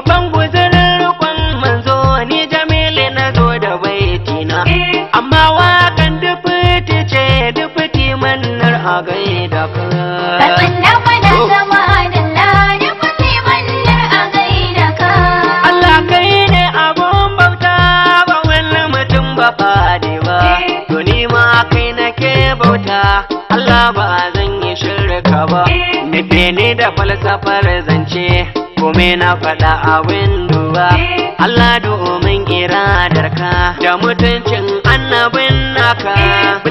babban guzurin rukun manzo ni jamili na zo da baitina amma wakan dufiti ce oh. dufiti mannar a gaida ka Allah kai ne abun bauta ba wani mutum ba fadi ba to ni ma kai nake bauta Allah ba zan yi shirka ba nufe ne da falsafara zance me na faɗa a windo eh. Allah domin iradarka da mutuncin annabin naka eh.